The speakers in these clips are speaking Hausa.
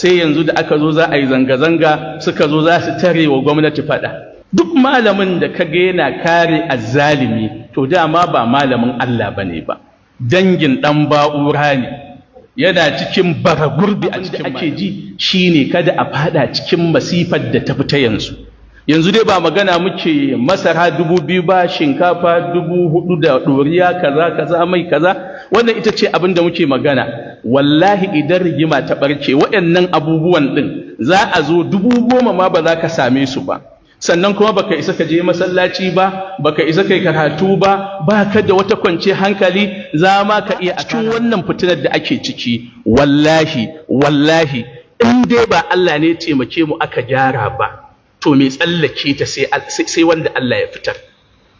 sai yanzu da aka zo za a yi zanga-zanga suka zo za su tare wa gwamnati faɗa duk malamin da ka ga yana kare azzalimi to dama ba malamin Allah ba ne ba dangin dan ba'ura ne yana cikin baragurbi a cikin ake ji shine kada a fada cikin masifar da ta fita yanzu yanzu dai ba magana muke masara dubu biyu ba shinkafa dubu hudu da ɗoriya kaza kaza mai kaza wannan ita ce abin da muke magana wallahi idan rigima ta barke waɗannan abubuwan ɗin za a zo dubu goma ma ba za ka same su ba sannan kuma baka isa ka je masallaci ba baka isa kai karatu ba baka da wata kwance hankali za ma ka iya a cikin wannan fitinar da ake ciki wallahi wallahi in dai ba Allah ne taimake mu aka gyara ba to me tsallake ta sai wanda Allah ya fitar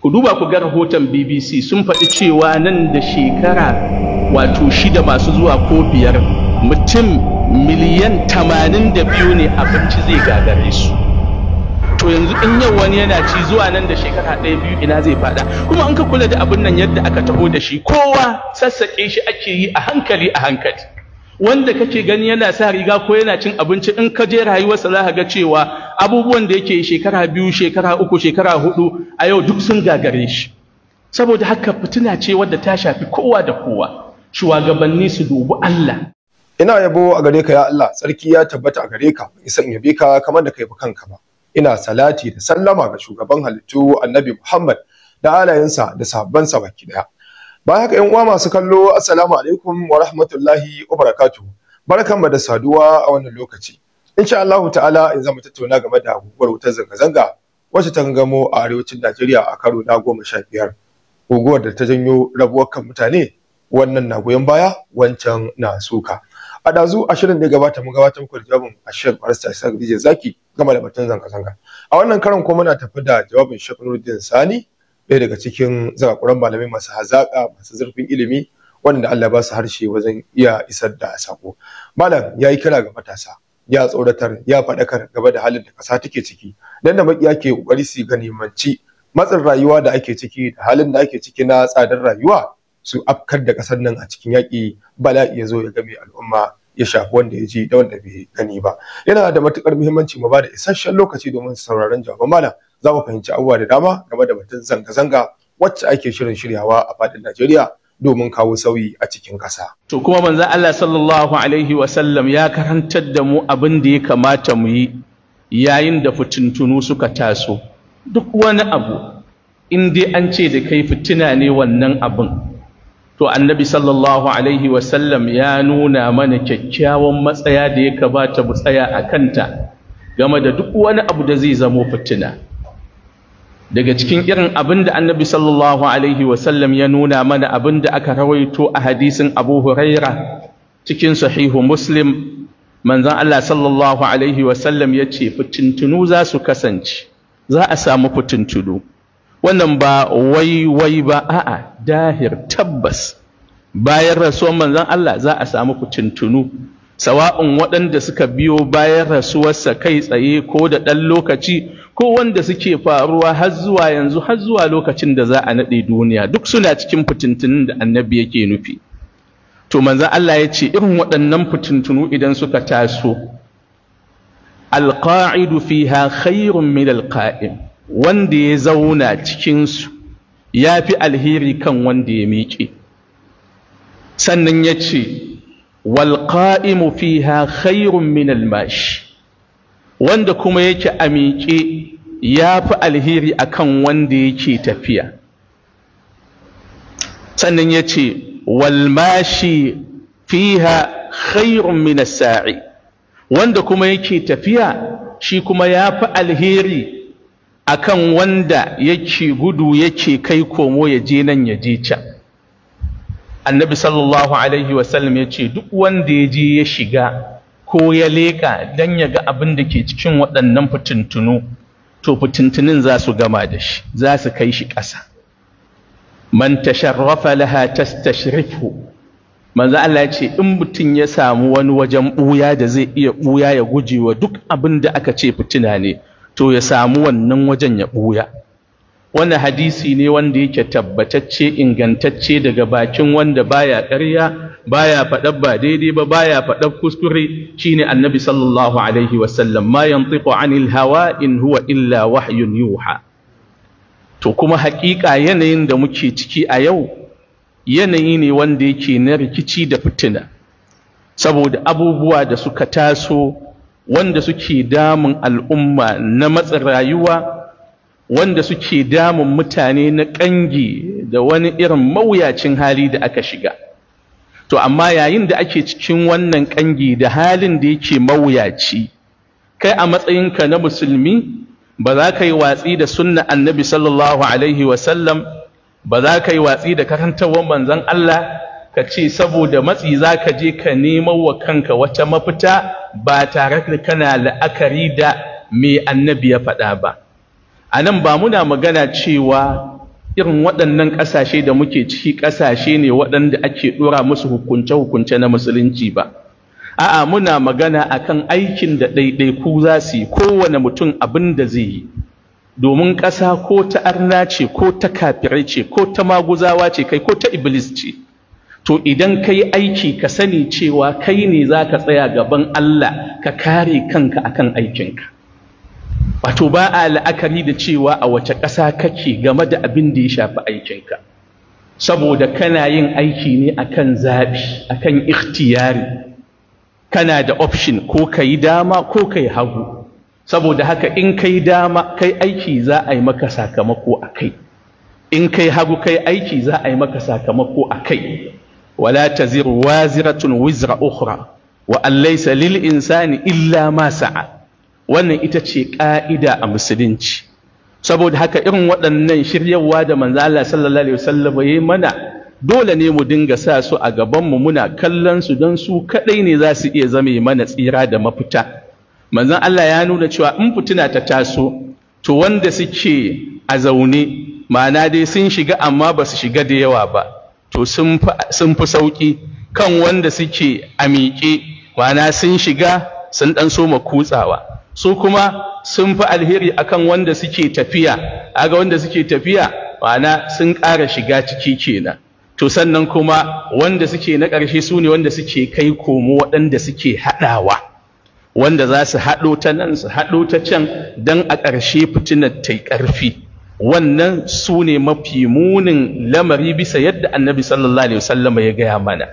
ku duba ku ga rahoton bbc sun faɗi cewa nan da shekara wato shida masu zuwa ko biyar mutum miliyan tamanin da biyu ne abinci zai gagare su to yanzu in yau wani yana ci zuwa nan da shekara ɗaya biyu ina zai faɗa? kuma an ka kula da abin nan yadda aka taho da shi kowa sassaƙe shi ake yi a hankali a hankali wanda kake gani yana sa riga ko yana cin abinci in ka je rayuwarsa za ka ga cewa abubuwan da yake shekara biyu shekara uku shekara hudu a yau duk sun gagare shi saboda haka fitina ce wadda ta shafi kowa da kowa shugabanni su dubi Allah ina yabo a gare ka ya Allah sarki ya tabbata a gare ka isan yabe ka kamar da kai ba kanka ba ina salati da sallama ga shugaban halittu annabi Muhammad da alayensa da sa baki daya ba haka yan uwa masu kallo assalamu alaikum wa rahmatullahi wa barakatuh barkanmu da saduwa a wannan lokaci insha Allah ta'ala in zama tattauna game da guguwar wutar zanga-zanga wacce ta gangamo a arewacin Najeriya a karo na goma sha biyar guguwar da ta janyo rabuwar kan mutane wannan na goyon baya wancan na suka a dazu a shirin da gabata mun gabatar muku da jawabin ashir barista isa gidije zaki gama da batun zanga-zanga a wannan karon kuma muna tafi da jawabin shek nuruddin sani ɗaya daga cikin zakakuran malamai masu hazaƙa masu zurfin ilimi wanda Allah ba su harshe wajen iya isar da sako malam ya yi kira ga matasa ya tsoratar ya faɗakar gaba da halin da ƙasa take ciki dan da makiya ke kokari su ganimanci matsin rayuwa da ake ciki da halin da ake ciki na tsadar rayuwa su afkar da ƙasar nan a cikin yaƙi bala'i ya zo ya game al'umma ya shafi wanda ya ji da wanda bai gani ba yana da matukar muhimmanci mu ba da isasshen lokaci domin sauraron jawaban malam za mu fahimci abubuwa da dama game da batun zanga-zanga wacce ake shirin shiryawa a faɗin Najeriya domin kawo sauyi a cikin ƙasa. To kuma manzon Allah sallallahu alaihi sallam ya karantar da mu abin da ya kamata mu yi yayin da fitintunu suka taso duk wani abu in dai an ce da kai fitina ne wannan abin to annabi sallallahu alaihi wasallam ya nuna mana kyakkyawan matsaya da ya kamata mu tsaya a kanta game da duk wani abu da zai zamo fitina daga cikin irin abin da annabi sallallahu alaihi wasallam ya nuna mana abin da aka rawaito a hadisin abu huraira cikin sahihu muslim manzan Allah sallallahu alaihi wasallam ya ce fitintunu za su kasance za a samu fitintunu wannan ba wai wai ba a'a dahir tabbas bayan rasuwan manzan Allah za a samu fitintunu sawa'un waɗanda suka biyo bayan rasuwarsa kai tsaye ko da ɗan lokaci ko wanda suke faruwa har zuwa yanzu har zuwa lokacin da za a naɗe duniya duk suna cikin fitintunin da annabi yake nufi to manzo Allah ya ce irin waɗannan fitintunu idan suka taso alqa'idu fiha khairun min alqa'im wanda ya zauna cikin su yafi alheri kan wanda ya miƙe sannan ya ce walƙa'imu fiha khairun minal mashi wanda kuma yake a miƙe ya fi alheri akan wanda yake tafiya sannan ya ce walmashi fiha khairun minas sa'i wanda kuma yake tafiya shi kuma ya fi alheri akan wanda yake gudu yake kai komo ya je nan ya je can annabi sallallahu alaihi wasallam ya ce duk wanda ya je ya shiga ko ya leka don ya ga abin da ke cikin waɗannan fitintunu to fitintunin za su gama da shi za su kai shi ƙasa man tasharrafa laha tastashrifu manzo Allah ya ce in mutum ya samu wani wajen ɓuya da zai iya ɓuya ya gujewa duk abin da aka ce fitina ne to ya samu wannan wajen ya ɓuya wani hadisi ne wanda yake tabbatacce ingantacce daga bakin wanda baya ƙarya baya faɗa ba daidai ba baya faɗa kuskure shine annabi sallallahu alaihi wasallam ma yantiqu anil hawa in huwa illa wahyun yuha to kuma haƙiƙa yanayin da muke ciki a yau yanayi ne wanda yake na rikici da fitina saboda abubuwa da suka taso wanda suke damun al'umma na matsin rayuwa wanda suke damun mutane na ƙangi da wani irin mawuyacin hali da aka shiga to amma yayin da ake cikin wannan ƙangi da halin da yake mawuyaci kai a matsayinka na musulmi ba za ka yi watsi da sunna annabi sallallahu alaihi wasallam ba za ka yi watsi da karantarwar manzon Allah ka ce saboda matsi za ka je ka nemo wa kanka wata mafita ba tare da kana la'akari da me annabi ya faɗa ba a nan ba muna magana cewa irin waɗannan ƙasashe da muke ciki ƙasashe ne waɗanda ake ɗora musu hukunce-hukunce na musulunci ba a'a muna magana akan aikin da ɗaiɗaiku za su yi kowane mutum abin da zai yi domin ƙasa ko ta arna ce ko ta kafirai ce ko ta maguzawa ce kai ko ta iblis ce to idan ka yi aiki ka sani cewa kai ne za ka tsaya gaban Allah ka kare kanka akan aikinka wato ba a la'akari da cewa a wace ƙasa kake game da abin da ya shafi aikinka saboda kana yin aiki ne akan zaɓi akan ikhtiyari kana da option ko ka yi dama ko ka yi hagu saboda haka in ka yi dama kai aiki za a yi maka sakamako a kai in kai hagu kai aiki za a yi maka sakamako a kai wala taziru waziratun wizra ukhra wa an laysa lil insani illa ma sa'a wannan ita ce ƙa'ida a musulunci saboda haka irin waɗannan shiryarwa da manzo Allah sallallahu alaihi wasallam yi mana dole ne mu dinga sa su a gabanmu muna kallon su don su kaɗai ne za su iya zame mana tsira da mafita manzon Allah ya nuna cewa in fitina ta taso to wanda suke a zaune mana dai sun shiga amma ba su shiga da yawa ba to sun fi sauƙi kan wanda suke a miƙe ma'ana sun shiga sun ɗan ma kutsawa su kuma sun fi alheri akan wanda suke tafiya aga wanda suke tafiya ma'ana sun ƙara shiga ciki kenan to sannan kuma wanda suke na ƙarshe su ne wanda suke kai komo waɗanda suke haɗawa wanda za su haɗo ta nan su haɗo ta can don a ƙarshe fitinar ta yi ƙarfi wannan su ne mafi munin lamari bisa yadda annabi sallallahu alaihi wasallam ya gaya mana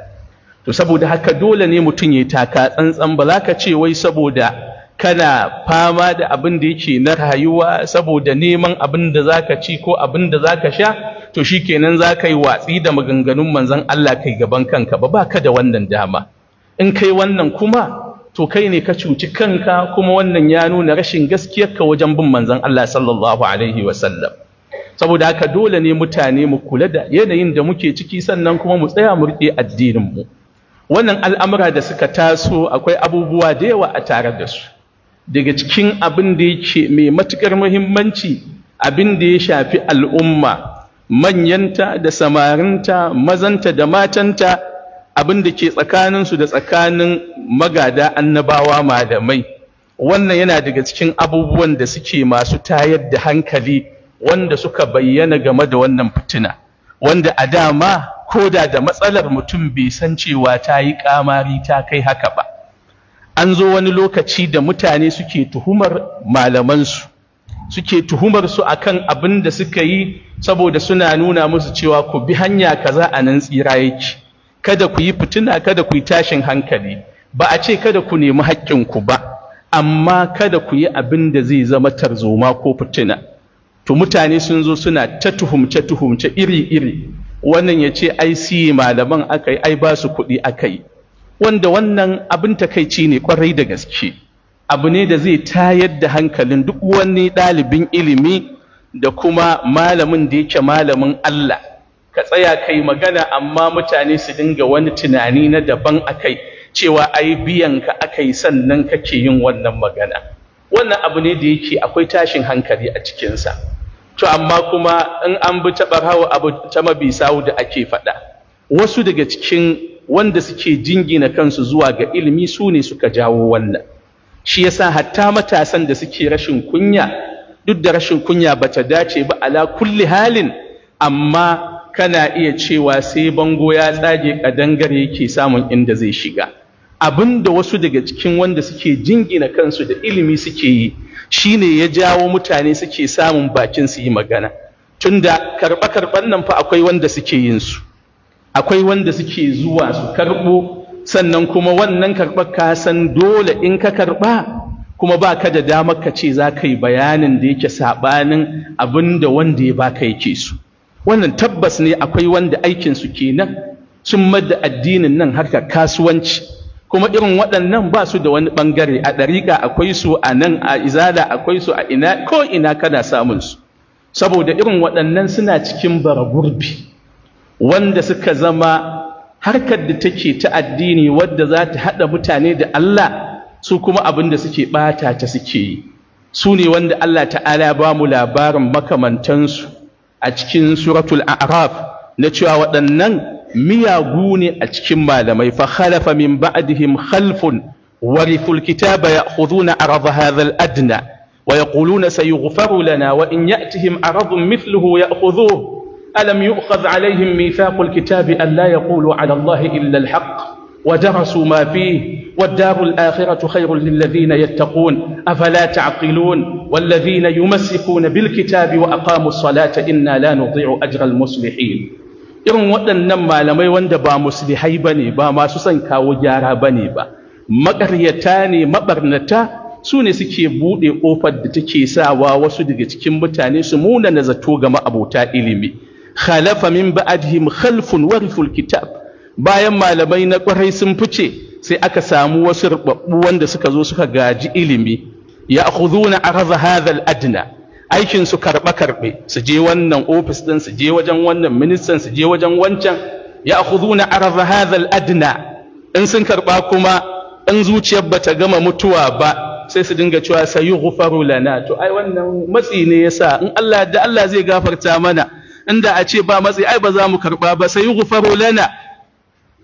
to saboda haka dole ne mutum ya taka tsantsan ba za ka ce wai saboda kana fama da abin da yake na rayuwa saboda neman abin da zaka ci ko abin da zaka sha to shikenan zaka yi watsi da maganganun manzon Allah kai gaban kanka ba baka da wannan dama in kai wannan kuma to kai ne ka cuci kanka kuma wannan ya nuna rashin gaskiyar ka wajen bin manzon Allah sallallahu alaihi sallam saboda haka dole ne mutane mu kula da yanayin da muke ciki sannan kuma mu tsaya mu riƙe addinin mu wannan al'amura da suka taso akwai abubuwa da yawa a tare da su daga cikin abin da yake mai matukar muhimmanci abin da ya shafi al'umma manyanta da samarinta mazanta da matanta abin da ke tsakaninsu da tsakanin magada annabawa malamai wannan yana daga cikin abubuwan da suke masu tayar da hankali wanda suka bayyana game da wannan fitina wanda a dama koda da matsalar mutum bai san cewa ta yi kamari ta kai haka ba an zo wani lokaci da mutane suke tuhumar malamansu suke tuhumar su akan abin da suka yi saboda suna nuna musu cewa ku bi hanya kaza a nan tsira yake kada ku yi fitina kada ku yi tashin hankali ba a ce kada ku nemi haƙƙinku ba amma kada ku yi abin da zai zama tarzoma ko fitina to mutane sun zo suna ta tuhumce tuhumce iri iri wannan ya ce ai siye malaman aka yi ai ba su kuɗi aka yi wanda wannan abin takaici ne kwarai da gaske abu ne da zai tayar da hankalin duk wani ɗalibin ilimi da kuma malamin da yake malamin Allah ka tsaya kai magana amma mutane su dinga wani tunani na daban akai cewa ai biyan ka akai sannan kake yin wannan magana wannan abu ne da yake akwai tashin hankali a cikinsa to amma kuma in an bi ta abu ta mabisawu da ake faɗa wasu daga cikin wanda suke jingina kansu zuwa ga ilimi su ne suka jawo wannan shi yasa hatta matasan da suke rashin kunya duk da rashin kunya bata dace ba ala kulli halin amma kana iya cewa sai bango ya tsage kadangar yake samun inda zai shiga abinda wasu daga cikin wanda suke jingina kansu da ilimi suke yi shine ya jawo mutane suke samun bakin su yi magana tunda karɓa karɓan nan fa akwai wanda suke yin su akwai wanda suke zuwa su karɓo sannan kuma wannan karɓar ka san dole in ka karɓa kuma ba ka da damar ka ce za ka yi bayanin da yake saɓanin abinda wanda ya baka yake su wannan tabbas ne akwai wanda aikinsu kenan sun madda addinin nan harkar kasuwanci kuma irin waɗannan ba su da wani ɓangare a ɗariƙa akwai su a nan a izala akwai su a ina ko ina kana samun su saboda irin waɗannan suna cikin bara gurbi wanda suka zama harkar da take ta addini wadda za ta haɗa mutane da Allah su kuma abin da suke ɓata ta suke yi su ne wanda Allah ta'ala ba mu labarin makamantansu a cikin suratul a'raf na cewa waɗannan miyagu ne a cikin malamai fa khalafa min ba'dihim khalfun warithul kitaba ya'khuduna arada hadha al-adna wa yaquluna sayughfaru lana wa in ya'tihim aradun mithluhu ya'khudhuhu ألم يؤخذ عليهم ميثاق الكتاب أن لا يقولوا على الله إلا الحق ودرسوا ما فيه والدار الآخرة خير للذين يتقون أفلا تعقلون والذين يمسكون بالكتاب وأقاموا الصلاة إنا لا نضيع أجر المصلحين إرن ودن نما لما يوند با مصلحي بني با ما سسن كاو جارا بني با مقريتاني مبرنتا سوني سكي بودي أوفد تكي ساوا وسودي سمونا نزتوغ أبوتا إلمي khalafa min ba'dihim khalfun kitab bayan malamai na kwarai sun fice sai aka samu wasu rubabbu wanda suka zo suka gaji ilimi ya'khudhuna aradha hadha al-adna aikin su karɓe su je wannan ofis ɗin su je wajen wannan ministan su je wajen wancan ya na arza hadha adna in sun karɓa kuma in zuciyar bata gama mutuwa ba sai su dinga cewa sayughfaru lana to ai wannan matsi ne yasa in Allah da Allah zai gafarta mana inda a ce ba matsi ai ba za mu karba ba sai yughfaru lana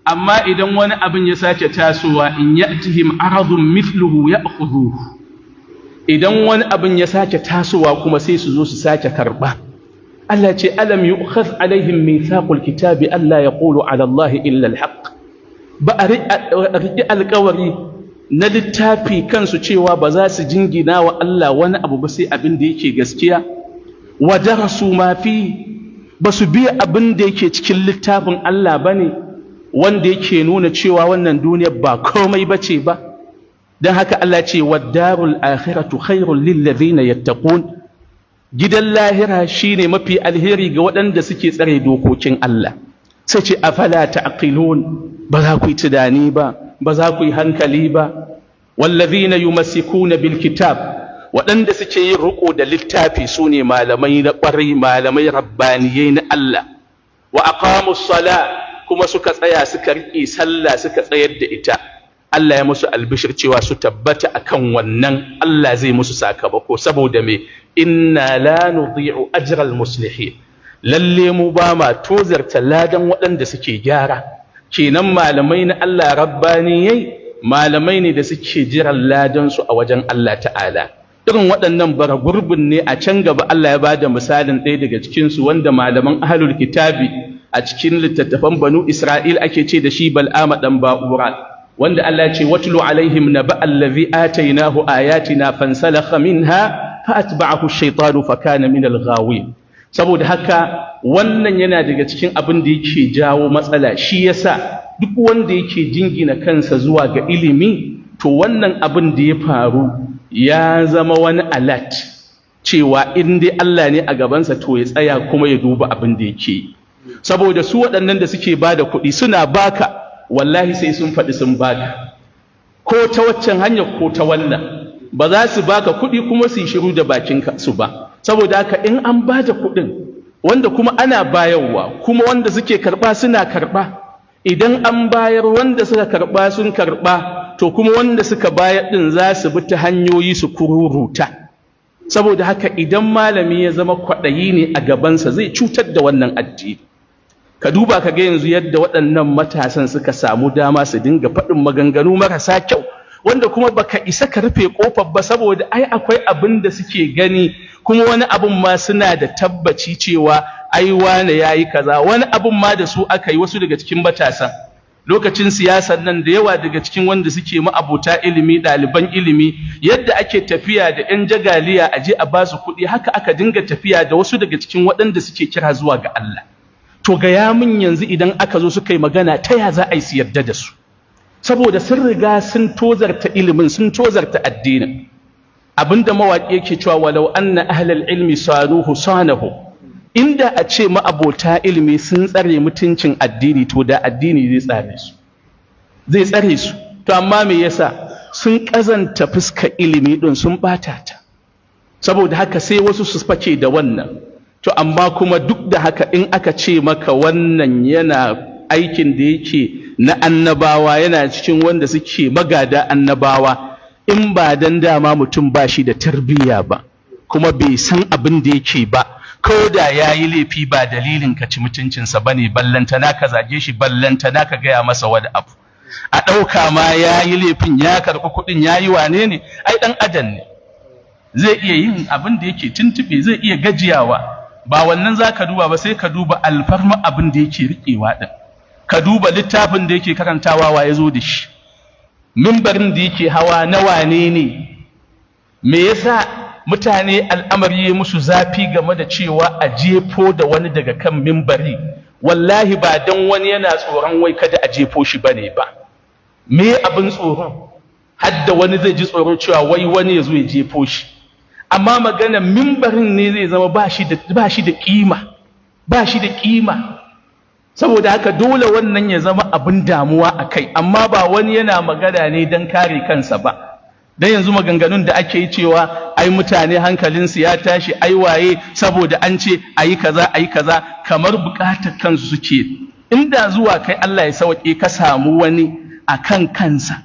amma idan wani abin ya sake tasowa in ya'tihim aradun mithluhu ya'khudhuhu idan wani abin ya sake tasowa kuma sai su zo su sake karɓa. Allah ce alam yu'khadh alaihim mithaqul kitabi Allah ya ala Allah illa al ba a riƙi alkawari na littafi kansu cewa ba za su jingina wa Allah wani abu ba sai abin da yake gaskiya wa darasu ma fi ba su biya abin da yake cikin littafin Allah ba ne wanda yake nuna cewa wannan duniyar ba komai ba ce ba don haka Allah ce waddarul akhiratu khairun lillazina yattaqun gidan lahira shine mafi alheri ga waɗanda suke tsare dokokin Allah sai ce afala ta'qilun ba za ku yi tunani ba ba za ku yi hankali ba wallazina yumassikuna bil kitab waɗanda suke yin riƙo da littafi su ne malamai na ƙwarai malamai rabbaniyai na Allah wa aqamu sala kuma suka tsaya suka riƙe sallah suka tsayar da ita Allah ya musu albishir cewa su tabbata akan wannan Allah zai musu sakamako saboda me inna la nudhi'u ajral muslihin lalle mu ba ma tozarta ladan waɗanda suke gyara kenan malamai na Allah rabbaniyai malamai ne da suke jiran ladan su a wajen Allah ta'ala irin waɗannan bara gurbin ne a can gaba Allah ya bada misalin ɗaya daga cikinsu wanda malaman ahlul kitabi a cikin littattafan banu Isra'il ake ce da shi bal'ama ɗan ba'ura wanda Allah ya ce watlu alaihim na allazi atainahu ayatina fansalakha minha fa atba'ahu ash-shaytanu fa kana min al-ghawin saboda haka wannan yana daga cikin abin da yake jawo matsala shi yasa duk wanda yake jingina kansa zuwa ga ilimi to wannan abin da ya faru ya zama wani alat cewa in dai Allah ne a gabansa to ya tsaya kuma ya duba abin da yake yi saboda su waɗannan da suke ba da kuɗi suna baka wallahi sai sun faɗi sun baka ko ta waccan hanyar ko ta wannan ba za su baka kuɗi kuma su yi shiru da bakinka su ba saboda haka in an ba da kuɗin wanda kuma ana bayarwa kuma wanda suke karɓa suna karɓa idan an bayar wanda suka karɓa sun karɓa to kuma wanda suka bayar ɗin za su bi ta hanyoyi su kururuta saboda haka idan malami ya zama kwaɗayi ne a gabansa zai cutar da wannan addini ka duba ka ga yanzu yadda waɗannan matasan suka samu dama su dinga faɗin maganganu marasa kyau wanda kuma baka isa ka rufe kofar ba saboda ai akwai abin da suke gani kuma wani abin ma suna da tabbaci cewa ai wani yayi kaza wani abin ma da su aka yi wasu daga cikin matasan lokacin siyasar nan da yawa daga cikin wanda suke ma'abuta ilimi ɗaliban ilimi yadda ake tafiya da 'yan jagaliya a je a ba su kuɗi haka aka dinga tafiya da wasu daga cikin waɗanda suke kira zuwa ga Allah to ga yamin yanzu idan aka zo suka yi magana ta ya za a yi su yarda da su saboda sun riga sun tozarta ilimin sun tozarta addinin abinda mawaƙi yake cewa walau anna ahlal ilmi sanuhu sanahu inda a ce abota ilimi sun tsare mutuncin addini to da addini zai tsare su zai tsare su to amma me yasa sun ƙazanta fuska ilimi din sun bata ta saboda haka sai wasu su fake da wannan to amma kuma duk da haka in aka ce maka wannan yana aikin da yake na annabawa yana cikin wanda suke magada annabawa in ba dan dama mutum ba shi da tarbiyya ba kuma bai san abin da yake ba ko da ya yi laifi ba dalilin ka ci mutuncinsa ba ne na ka zage shi na ka gaya masa wani abu a ɗauka ma ya yi laifin ya karɓi kuɗin ya yi wane ne ai ɗan adam ne zai iya yin abin da yake tuntuɓe zai iya gajiyawa ba wannan za ka duba ba sai ka duba alfarma abin da yake riƙewa ɗin ka duba littafin da yake karantawa wa ya zo da shi mimbarin da yake hawa na wane ne me yasa mutane al'amari ya musu zafi game da cewa a jefo da wani daga kan mimbari wallahi ba don wani yana tsoron wai kada a jefo shi ba ne ba me abin tsoron hadda wani zai ji tsoron cewa wai wani ya zo ya jefo shi amma magana mimbarin ne zai zama ba shi da kima ba shi da kima saboda haka dole wannan ya zama abin damuwa a kai amma ba wani yana magana ne don kare kansa ba don yanzu maganganun da ake yi cewa ai mutane hankalinsu ya tashi ai waye saboda an ce a yi kaza a yi kaza kamar bukatar kansu suke inda zuwa kai Allah ya sauke ka samu wani a kan kansa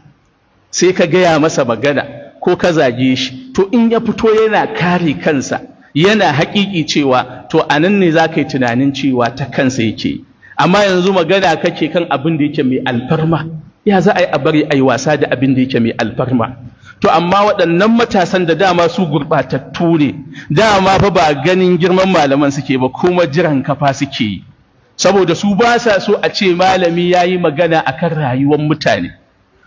sai ka gaya masa magana ko ka zage shi to in ya fito yana kare kansa yana haƙiƙi cewa to a nan ne za ka yi tunanin cewa ta kansa yake yi amma yanzu magana kake kan abin da yake mai alfarma ya za a yi a bari a yi wasa da abin da yake mai alfarma to amma waɗannan matasan da dama su gurɓatattu ne dama fa ba ganin girman malaman suke ba kuma jiran kafa suke yi saboda su ba sa so a ce malami ya yi magana a kan rayuwar mutane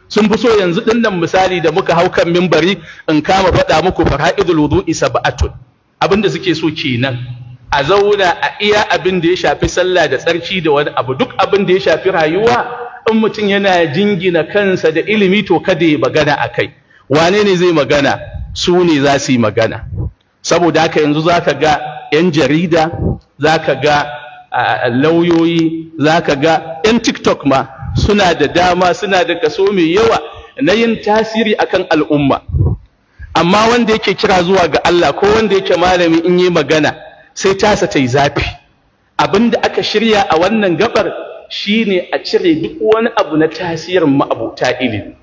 sun fi so yanzu ɗinnan misali da muka hau kan mimbari in kama faɗa muku fara'idul wudu'i sab'atun abin da suke so kenan a zauna a iya abin da ya shafi sallah da tsarki da wani abu duk abin da ya shafi rayuwa in mutum yana jingina kansa da ilimi to kada ya magana a kai wane ne zai magana su ne za su yi magana saboda haka yanzu za ka ga 'yan jarida za ka ga lauyoyi za ka ga 'yan tiktok ma suna da dama suna da kaso mai yawa na yin tasiri akan al'umma amma wanda yake kira zuwa ga Allah ko wanda yake malami in yi magana sai tasa ta yi zafi da aka shirya a wannan gabar shine a cire duk wani abu na tasirin ma'abota ilimi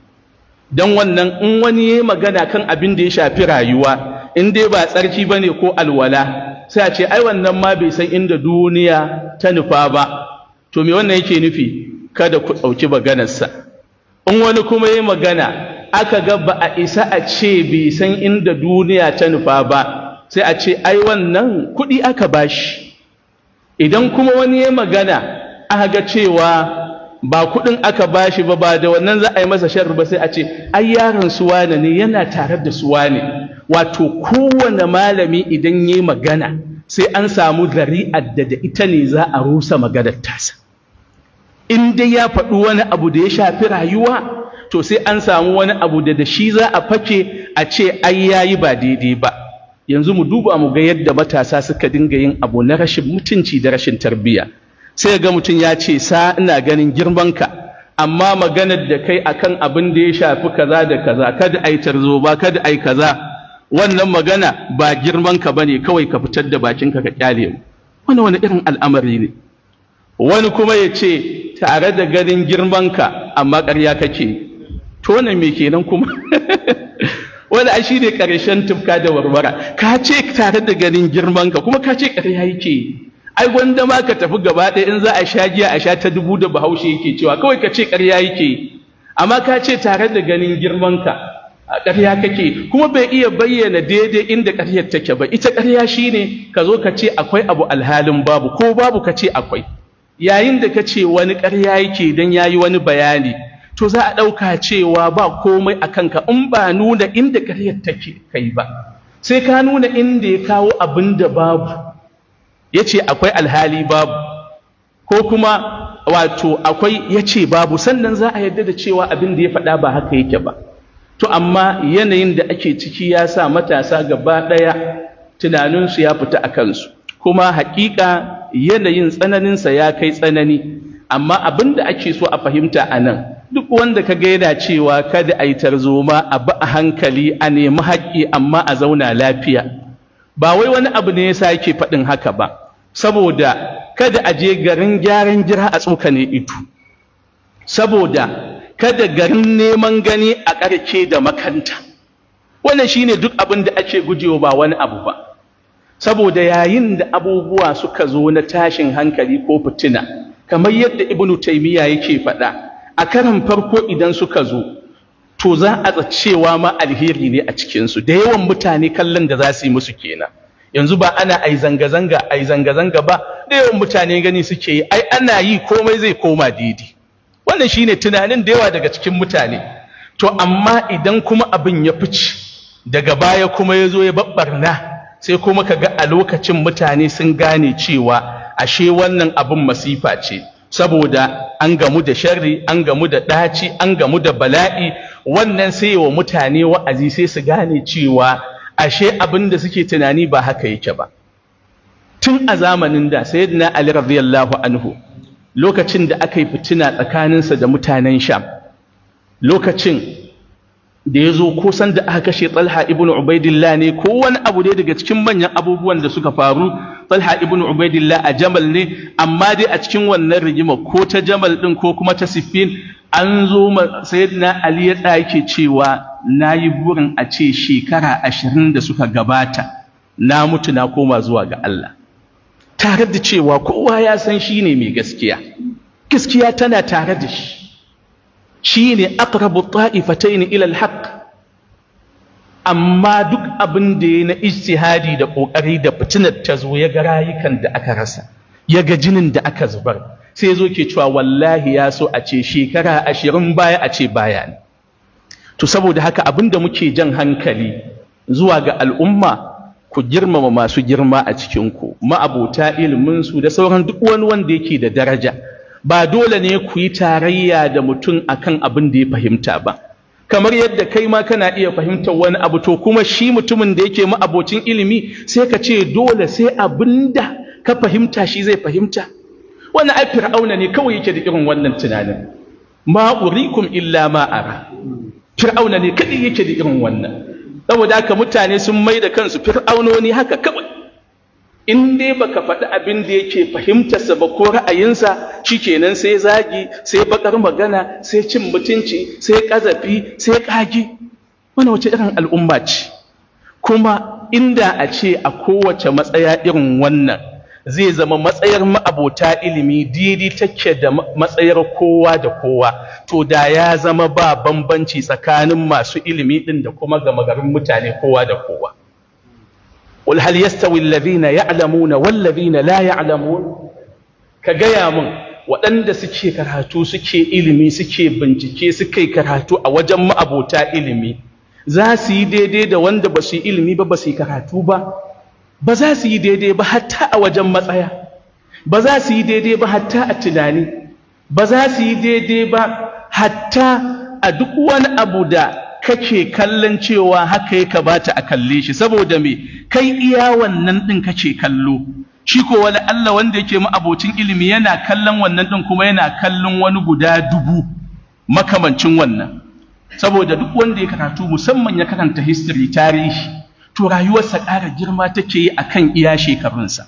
don wannan in wani ya magana kan abin da ya shafi rayuwa in dai ba tsarki ba ne ko alwala sai a ce ai wannan ma bai san inda duniya ta nufa ba to me wannan yake nufi kada ku ɗauki maganarsa in wani kuma ya magana aka ga ba a isa a ce bai san inda duniya ta nufa ba sai a ce ai wannan kuɗi aka bashi idan kuma wani ya magana aka ga cewa ba kuɗin aka bashi ba ba da wannan za a yi masa sharri ba sai a ce ai yaron suwa ne yana tare da suwa ne wato kowane malami idan ya magana sai an samu zari'ar da da ita ne za a rusa maganar tasa in dai ya faɗi wani abu da ya shafi rayuwa to sai an samu wani abu da da shi za a fake a ce ai yayi ba daidai ba yanzu mu duba mu ga yadda matasa suka dinga yin abu na rashin mutunci da rashin tarbiyya sai ga mutum ya ce sa ina ganin girmanka amma maganar da kai akan abin da ya shafi kaza da kaza kada ai tarzo ba kada ai kaza wannan magana ba girmanka bane kawai ka fitar da bakinka ka kyale mu wani wani irin al'amari ne wani kuma ya ce tare da ganin girmanka amma ƙarya kake to wannan me kenan kuma wani ai ne ƙarshen tufka da warwara ka ce tare da ganin girman ka kuma ka ce ƙarya yake ai gwanda ma ka tafi gaba ɗaya in za a sha giya a sha ta dubu da bahaushe yake cewa kawai ka ce ƙarya yake amma ka ce tare da ganin girman ka a ƙarya kake kuma bai iya bayyana daidai inda ƙaryar take ba ita ƙarya ne? ka zo ka ce akwai abu alhalin babu ko babu ka ce akwai yayin da ka ce wani ƙarya yake don ya yi wani bayani to za a ɗauka cewa ba komai a kanka in ba nuna inda ƙaryar take kai ba sai ka nuna inda ya kawo abin da babu ya ce akwai alhali babu ko kuma wato akwai ya ce babu sannan za a yarda da cewa abin da ya faɗa ba haka yake ba to amma yanayin da ake ciki ya sa matasa gaba ɗaya tunaninsu ya fita a kansu kuma haƙiƙa yanayin tsananinsa ya kai tsanani amma abin da ake so a fahimta a nan duk wanda ka gaida cewa kada a yi tarzoma a bi a hankali a nemi haƙƙi amma a zauna lafiya ba wai wani abu ne ya sake faɗin haka ba saboda kada a je garin gyaran jira a tsokane itu saboda kada garin neman gani a ƙarke da makanta wannan shine duk abin da ake gujewa ba wani abu ba saboda yayin da abubuwa suka zo na tashin hankali ko fitina kamar yadda ibnu taymiya yake faɗa a karan farko idan suka zo to za a cewa ma alheri ne a cikinsu da yawan mutane kallon da za su yi musu kenan yanzu ba ana ai zanga-zanga ai zanga-zanga ba da yawan mutane gani suke yi ai ana yi komai zai koma daidai wannan shine tunanin da yawa daga cikin mutane to amma idan kuma abin ya fice daga baya kuma ya zo ya babbarna sai kuma ka ga a lokacin mutane sun gane cewa ashe wannan abin masifa ce saboda an gamu da sharri an gamu da ɗaci an gamu da bala'i wannan sai wa mutane wa'azi sai su gane cewa ashe abin da suke tunani ba haka yake ba tun a zamanin da sayyidina ali radiyallahu anhu lokacin da aka yi fitina tsakaninsa da mutanen sha, lokacin da ya zo kusan da aka kashe Tsalha ibn ubaidillah ne ko wani abu ne daga cikin manyan abubuwan da suka faru talha ibn ubaidillah a jamal ne amma dai a cikin wannan rigima ko ta jamal din ko kuma ta siffin an zo sayyidina ali ya ɗake cewa nayi yi burin a ce shekara ashirin da suka gabata na mutu na koma zuwa ga allah tare da cewa kowa ya san shi ne mai gaskiya gaskiya tana tare da shi shi ne aqrabu ta'ifatayn ila al-haqq amma duk abin da ya na ijtihadi da ƙoƙari da fitinar ta zo ya ga rayukan da aka rasa ya ga jinin da aka zubar sai zo ke cewa wallahi ya so a ce shekara ashirin baya a ce baya ne to saboda haka abin da muke jan hankali zuwa ga al'umma ku girmama masu girma a cikinku ma'abota iliminsu da sauran duk wani wanda yake da daraja ba dole ne ku yi tarayya da mutum akan abin da ya fahimta ba kamar yadda kai ma kana iya fahimtar wani abu to kuma shi mutumin da yake ma'abocin ilimi sai ka ce dole sai abinda ka fahimta shi zai fahimta wannan ai fir'auna ne kawai yake da irin wannan tunanin ma urikum illa ma ara fir'auna ne kadai yake da irin wannan saboda haka mutane sun mai da kansu fir'aunoni haka kawai in dai baka faɗi abin da yake fahimtarsa ba ko ra'ayinsa shikenan sai zagi sai bakar magana sai cin mutunci sai ƙazafi sai ƙagi wani wace irin al'umma ce kuma inda a ce a kowace matsaya irin wannan zai zama matsayar ma'abota ilimi didi take da matsayar kowa da kowa to da ya zama ba bambanci tsakanin masu ilimi ɗin da kuma gama garin mutane kowa da kowa qul hal yastawi alladhina na wal ladhina la ya'lamun ka gaya mun waɗanda suke karatu suke ilimi suke bincike suke karatu a wajen ma'abota ilimi za su yi daidai da wanda ba su yi ilimi ba ba su yi karatu ba ba za su yi daidai ba hatta a wajen matsaya ba za su yi daidai ba hatta a tunani ba za su yi daidai ba hatta a duk wani abu da kake kallon cewa haka ya kabata a kalle shi saboda me kai iya wannan din kake kallo shi ko wani Allah wanda yake ma'abocin ilimi yana kallon wannan din kuma yana kallon wani guda dubu makamancin wannan saboda duk wanda ya karatu musamman ya karanta history tarihi to rayuwarsa ƙara girma take yi akan iya shekarunsa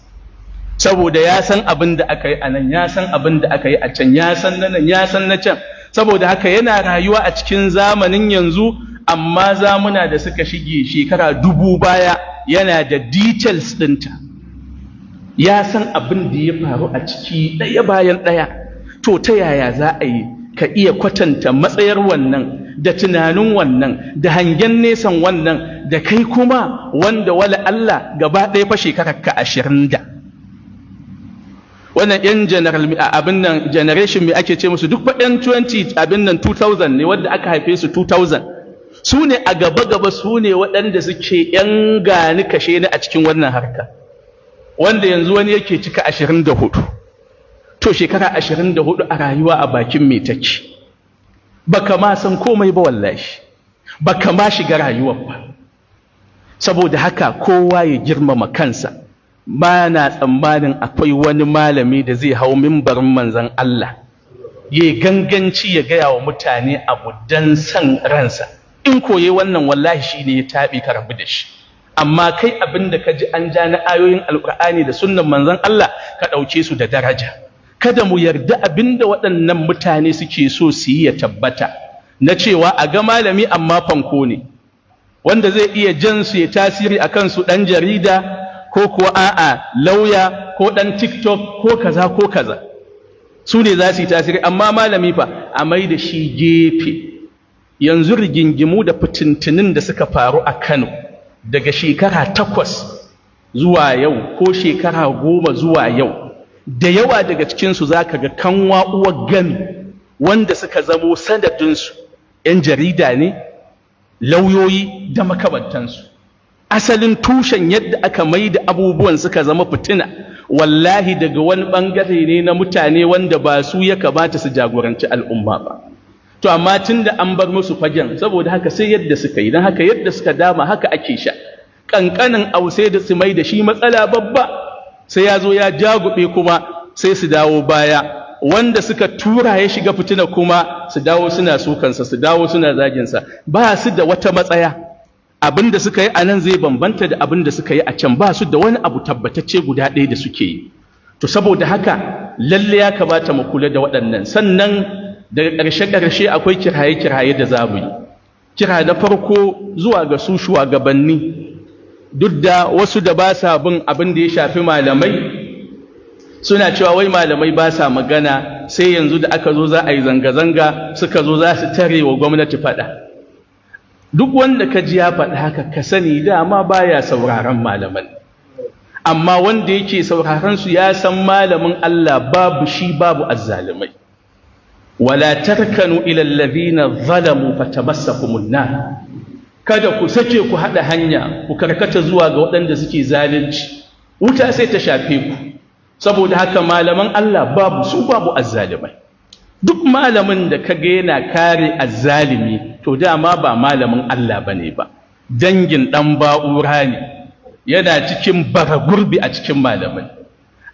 saboda ya san abin da aka yi a ya san abin da aka yi a can ya san na nan ya san na can saboda haka yana rayuwa a cikin zamanin yanzu amma zamuna da suka shige shekara dubu baya yana da details ɗinta ya san abin da ya faru a ciki ɗaya bayan ɗaya to ta yaya za a yi ka iya kwatanta matsayar wannan da tunanin wannan da hangen nesan wannan da kai kuma wanda wala Allah gaba ɗaya fa shekarar ka ashirin da wannan yan general abin nan generation me ake ce musu duk ba yan 20 abin nan 2000 ne wanda aka haife su 2000 su ne a gaba gaba su ne waɗanda suke yan gani kashe ni a cikin wannan harka wanda yanzu wani yake cika 24 to shekara 24 a rayuwa a bakin mai take baka ma san komai ba wallahi baka ma shiga rayuwar ba saboda haka kowa ya girmama kansa ba na tsammanin akwai wani malami da zai hau mimbarin manzan Allah ya ganganci ya gaya wa mutane abu don san ransa in koye wannan wallahi shi ne ya taɓe ka rabu da shi amma kai abinda ka ji an ja na ayoyin alƙur'ani da sunnan manzon Allah ka ɗauke su da daraja kada mu yarda abinda waɗannan mutane suke so su yi ya tabbata na cewa a ga malami amma fanko ne wanda zai iya jan su ya tasiri a su ɗan jarida ko kuwa a'a lauya ko ɗan tiktok ko kaza ko kaza su ne za su yi tasiri amma malami fa a mai da shi gefe yanzu rigingimu da fitintinin da suka faru a kano daga shekara takwas zuwa yau ko shekara goma zuwa yau da yawa daga cikinsu za ka ga kanwa uwar gami wanda suka zamo sanadinsu 'yan jarida ne lauyoyi da makamantansu asalin tushen yadda aka mai da abubuwan suka zama fitina wallahi daga wani bangare ne na mutane wanda ba su ya kamata su jagoranci al'umma ba to amma tun da an bar musu fagen saboda haka sai yadda suka yi don haka yadda suka dama haka ake sha ƙanƙanin Ausai da su mai da shi matsala babba sai ya zo ya jagube kuma sai su dawo baya wanda suka tura ya shiga fitina kuma su dawo suna sukansa su dawo suna zaginsa ba su da wata matsaya abin da suka yi a nan zai bambanta da abin da suka yi a can ba su da wani abu tabbatacce guda ɗaya da suke yi to saboda haka lalle ya kamata mu kula da waɗannan sannan daga ƙarshe-ƙarshe akwai kiraye-kiraye da za yi kira na farko zuwa ga su shugabanni duk da wasu da ba sa bin abin da ya shafi malamai suna cewa wai malamai ba sa magana sai yanzu da aka zo za a yi zanga-zanga suka zo za su tare wa gwamnati faɗa duk wanda ka ji ya faɗi haka ka sani dama baya sauraron malaman amma wanda yake sauraron su ya san malamin Allah babu shi babu azzalimai wala tarkanu ila alladhina zalamu fatamassakumun nar kada ku sace ku hada hanya ku karkata zuwa ga waɗanda suke zalunci wuta sai ta shafe ku saboda haka malaman Allah babu su babu azzalimai duk malamin da ka ga yana kare azzalimi to dama ba malamin Allah bane ba dangin ɗan ba'ura ne yana cikin bara gurbi a cikin malamin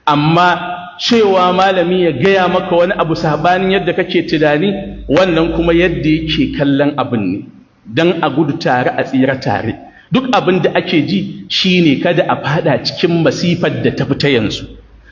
amma cewa malami ya gaya maka wani abu sabanin yadda kake tunani wannan kuma yadda yake kallon abin ne dan a gudu tare a tsira tare duk abin da ake ji shine kada a fada cikin masifar da ta fita yanzu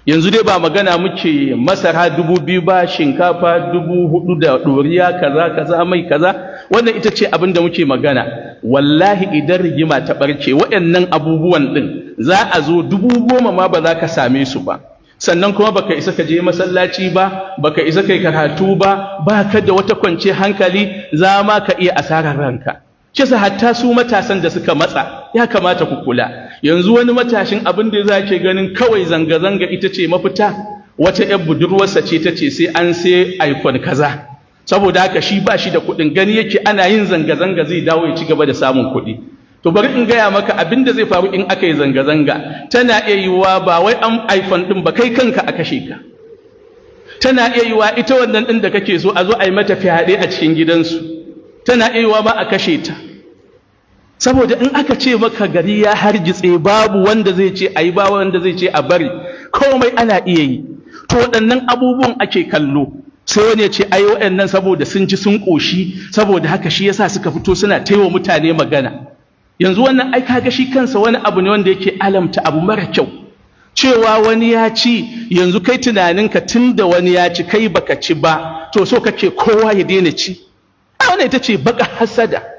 yanzu dai ba magana muke masara dubu biyu ba shinkafa dubu hudu da ɗoriya kaza kaza mai kaza wannan ita ce abin da muke magana wallahi idan rigima ta ɓarke waɗannan abubuwan ɗin za a zo dubu goma ma ba za ka same su ba sannan kuma baka isa ka je masallaci ba baka isa kai karatu ba ba ka da wata kwance hankali za ma ka iya asarar ranka kisa hatta su matasan da suka matsa ya kamata ku kula yanzu wani matashin abin da za ke ganin kawai zanga-zanga ita ce mafita wata 'yar budurwarsa ce ta ce sai an sai aikon kaza saboda haka shi ba shi da kuɗin gani yake ana yin zanga-zanga zai dawo ya ci gaba da samun kuɗi to bari in gaya maka abin da zai faru in aka yi zanga-zanga tana iya yiwuwa ba wai an iphone ɗin ba kai kanka a kashe ka tana iya yiwuwa ita wannan ɗin da kake so a zo a yi mata fyaɗe a cikin gidansu tana iya yiwuwa ba a kashe ta saboda in aka ce maka gari ya hargitse babu wanda zai ce a yi ba wanda zai ce a bari komai ana iya yi to waɗannan abubuwan ake kallo sai wani ya ce ai waɗannan saboda sun ji sun ƙoshi saboda haka shi yasa suka fito suna taiwa mutane magana yanzu wannan ai kaga shi kansa wani abu ne wanda yake alamta abu mara kyau cewa wani ya ci yanzu kai tunaninka da wani ya ci kai baka ci ba to so kake kowa ya daina ci a wani ita ce baka hasada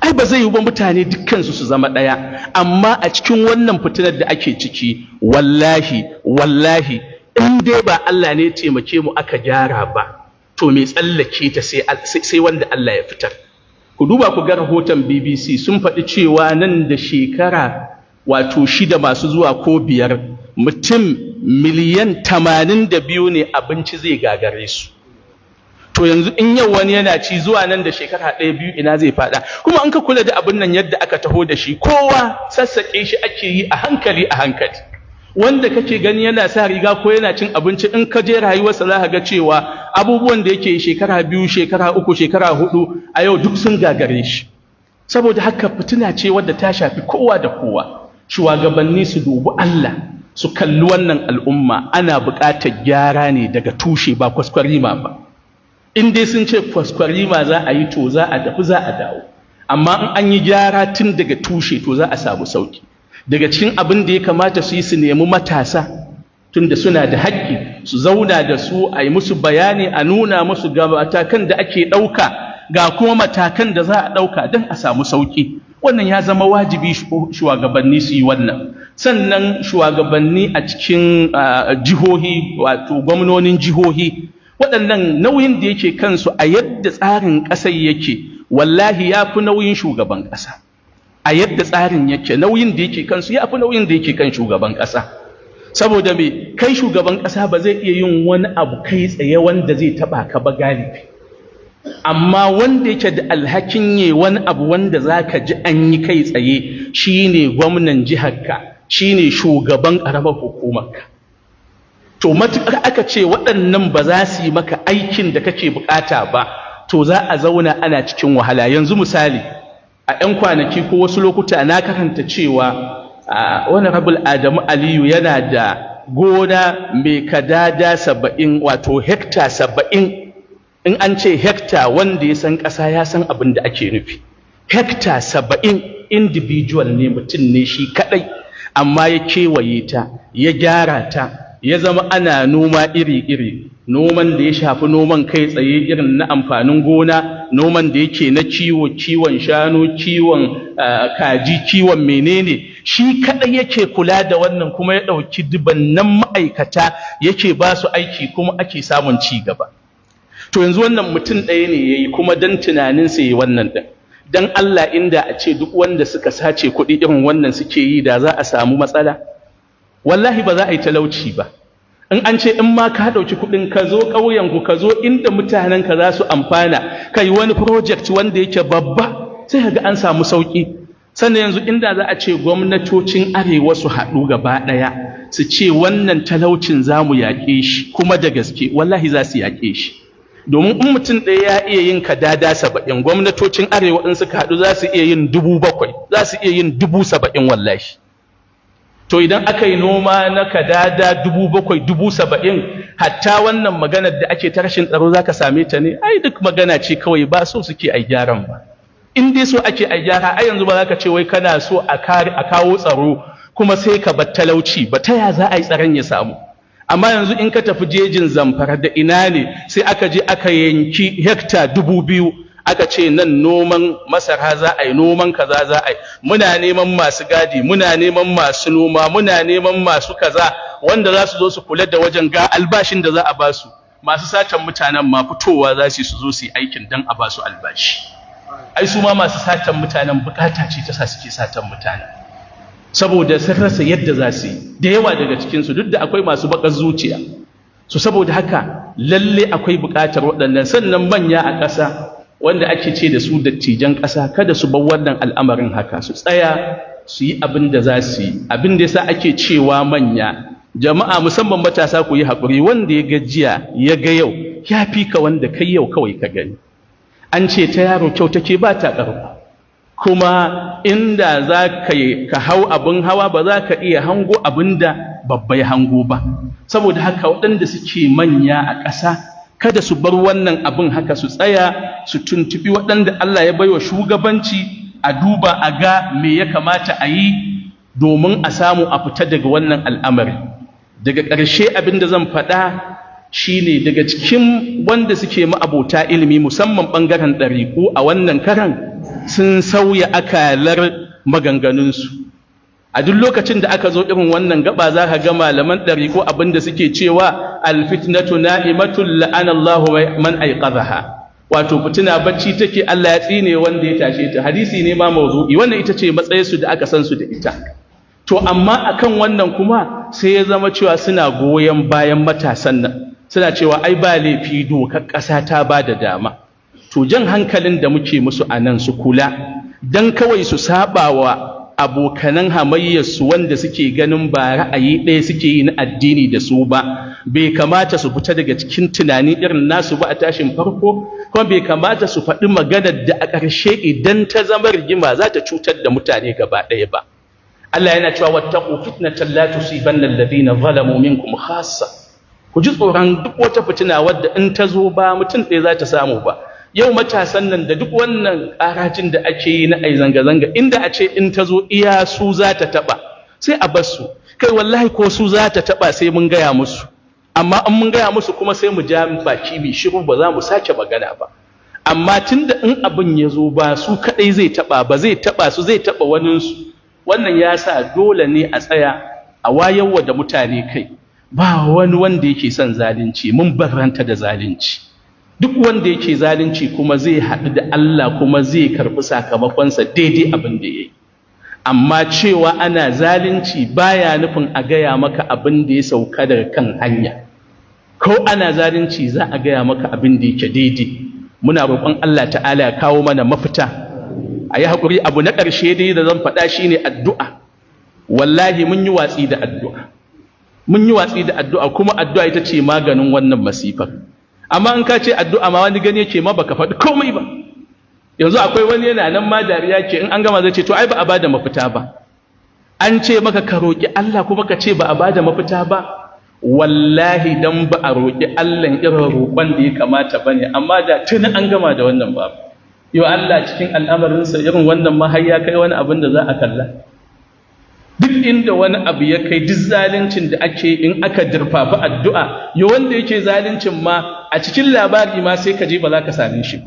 ai ba zai yi ba mutane dukkansu su zama ɗaya amma a cikin wannan fitinar da ake ciki wallahi wallahi in dai ba Allah ne taimake mu aka gyara ba to me tsallake ta sai wanda Allah ya fitar ku duba ku ga rahoton BBC sun faɗi cewa nan da shekara wato shida masu zuwa ko biyar mutum miliyan tamanin da biyu ne abinci zai gagare su to yanzu in yau wani yana ci zuwa nan da shekara ɗaya biyu ina zai faɗa kuma an ka kula da abin nan yadda aka taho da shi kowa sassaƙe shi ake yi a hankali a hankali wanda kake gani yana sa riga ko yana cin abinci in ka je rayuwarsa za ka ga cewa abubuwan da yake shekara biyu shekara uku shekara hudu a yau duk sun gagare shi saboda haka fitina ce wadda ta shafi kowa da kowa shugabanni su dubi Allah su kalli wannan al'umma ana buƙatar gyara ne daga tushe ba kwaskwarima ba in dai sun ce kwaskwarima za a yi to za a tafi za a dawo amma in an yi gyara tun daga tushe to za a samu sauki daga cikin abin da ya kamata su yi su nemi matasa tunda suna da haƙƙi su zauna da su a yi musu bayani a nuna musu ga matakan da ake ɗauka ga kuma matakan da za a ɗauka don a samu sauƙi wannan ya zama wajibi shugabanni su yi wannan sannan shugabanni a cikin jihohi wato gwamnonin jihohi waɗannan nauyin da yake kansu a yadda tsarin ƙasar yake wallahi ya fi nauyin shugaban ƙasa a yadda tsarin yake nauyin da yake kansu ya fi nauyin da yake kan shugaban ƙasa saboda me kai shugaban ƙasa ba zai iya yin wani abu kai tsaye wanda zai taɓa ka ba galibi amma wanda yake da alhakin yi wani abu wanda za ka ji an yi kai tsaye shine gwamnan jihar jiharka shine shugaban ƙaramar hukumarka to matuƙar aka ce waɗannan ba za su yi maka aikin da kake buƙata ba to za a zauna ana cikin wahala yanzu misali a 'yan kwanaki ko wasu lokuta na karanta cewa wani rabul adamu aliyu yana da gona mai kadada saba'in wato hekta saba'in in an ce hekta wanda ya san ƙasa ya san abin da ake nufi hekta saba'in individual ne mutum ne shi kaɗai amma ya kewaye ta ya gyara ta ya zama ana noma iri-iri noman da ya shafi noman kai tsaye irin na amfanin gona noman da yake na ciwo ciwon shanu ciwon kaji ciwon menene shi kadai yake kula da wannan kuma ya ɗauki dubannan ma'aikata yake ba su aiki kuma ake samun ci gaba to yanzu wannan mutum ɗaya ne ya yi kuma don tunanin ya yi wannan din don allah inda a ce duk wanda suka sace kuɗi irin wannan suke yi da za a samu matsala wallahi ba za a yi talauci ba in an ce in ma ka ɗauki kuɗin ka zo ƙauyenku ka zo inda mutanen ka za su amfana ka yi wani project wanda yake babba sai ga an samu sauƙi sannan yanzu inda za a ce gwamnatocin arewa su haɗu gaba ɗaya su ce wannan talaucin za mu yaƙe shi kuma da gaske wallahi za su yaƙe shi domin in mutum ɗaya ya iya yin kadada saba'in gwamnatocin arewa in suka haɗu za su iya yin dubu bakwai za su iya yin dubu saba'in wallahi to idan aka yi noma na kadada dubu bakwai dubu saba'in hatta wannan maganar da ake ta rashin tsaro za ka same ta ne ai duk magana ce kawai ba so suke a gyaran ba in dai so ake a gyara ai yanzu ba za ka ce wai kana so a kawo tsaro kuma sai ka ba talauci ba ta ya za a yi tsaron ya samu amma yanzu in ka tafi jejin zamfara da ina ne sai aka je aka yanki hekta dubu biyu aka ce nan noman masara za a yi noman kaza za a yi muna neman masu gadi muna neman masu noma muna neman masu kaza wanda za su zo su kula da wajen ga albashin da za a basu masu satan mutanen ma fitowa za su su zo su yi aikin dan a basu albashi ai su ma masu satan mutanen bukata ce ta sa suke satan mutanen saboda sun rasa yadda za su yi da yawa daga cikin su duk da akwai masu bakar zuciya su saboda haka lalle akwai bukatar waɗannan sannan manya a ƙasa wanda ake ce da su dattijan ƙasa kada su bar wannan al'amarin haka su tsaya su yi abin da za su yi abin da yasa ake cewa manya jama'a musamman matasa ku yi haƙuri wanda ya gajiya ya ga yau ya fi ka wanda kai yau kawai ka gani an ce ta yaro kyau take ba ta ƙarfa kuma inda za ka ka hau abin hawa ba za ka iya hango abin da babbai hango ba saboda haka waɗanda suke manya a ƙasa kada su bar wannan abin haka su tsaya su tuntubi waɗanda Allah ya baiwa shugabanci a duba a ga me ya kamata a yi domin a samu a fita daga wannan al'amari daga ƙarshe abin da zan faɗa shine daga cikin wanda suke ma'abota ilimi musamman ɓangaren ɗariƙu a wannan karan sun sauya akalar maganganunsu a duk lokacin da aka zo irin wannan gaba za ka ga malaman ɗari ko abin da suke cewa alfitnatu na'imatul la'ana Allahu man aiqadhaha wato fitina bacci take Allah ya tsine wanda ya tashe ta hadisi ne ma mawdu'i wannan ita ce matsayin su da aka san su da ita to amma akan wannan kuma sai ya zama cewa suna goyon bayan matasan nan suna cewa ai ba laifi dokar ƙasa ta ba da dama to jan hankalin da muke musu a nan su kula dan kawai su saba wa abokanan hamayyarsu wanda suke ganin ba ra'ayi ɗaya suke yi na addini da su ba bai kamata su fita daga cikin tunanin irin nasu ba a tashin farko kuma bai kamata su faɗi maganar da a ƙarshe idan ta zama rigima za ta cutar da mutane gaba ɗaya ba Allah yana cewa wattaqu fitnatan la tusibanna alladhina zalamu minkum khassa ku ji tsoron duk wata fitina wadda in ta zo ba mutum ɗaya za ta samu ba yau matasan nan da duk wannan karacin da ake yi na ai zanga-zanga inda a ce in ta zo iya su za ta taɓa sai a bar su kai wallahi ko su za ta taɓa sai mun gaya musu amma an mun gaya musu kuma sai mu ja baki mai shiru ba za mu sake magana ba amma tunda in abin ya zo ba su kaɗai zai taɓa ba zai taɓa su zai taɓa waninsu wannan ya sa dole ne a tsaya a wayarwa da mutane kai ba wani wanda yake son zalunci mun barranta da zalunci duk wanda yake zalunci kuma zai haɗu da Allah kuma zai karɓi sakamakonsa daidai abin da ya yi amma cewa ana zalunci baya nufin a gaya maka abin da ya sauka daga kan hanya ko ana zalunci za a gaya maka abin da yake daidai muna roƙon Allah ta'ala ya kawo mana mafita a yi haƙuri abu na ƙarshe dai da zan faɗa shine addu'a wallahi mun yi watsi da addu'a mun yi watsi da addu'a kuma addu'a ita ce maganin wannan masifar amma in ka ce addu'a ma wani gani yake ma baka faɗi komai ba yanzu akwai wani yana nan ma dariya ke. in an gama zai ce to ai ba a bada mafita ba an ce maka ka roƙi Allah kuma ka ce ba a bada mafita ba wallahi dan ba a roƙi Allah irin roƙon da ya kamata bane amma da tuni an gama da wannan babu yau Allah cikin al'amarinsa irin wannan ma har ya kai wani abin da za a kalla duk inda wani abu ya kai duk zaluncin da ake in aka dirfafi addu'a ya wanda yake zaluncin ma a cikin labari ma sai ka je ba za ka same shi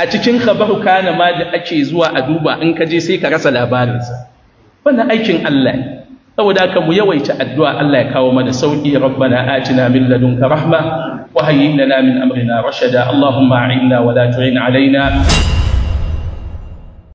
a cikin khabaru kana ma da ake zuwa a duba in ka je sai ka rasa labarinsa wannan aikin Allah ne saboda ka mu yawaita addu'a Allah ya kawo mana sauki rabbana atina min ladunka rahma wa hayyi namin min amrina rashada allahumma a'inna wa la tu'in alaina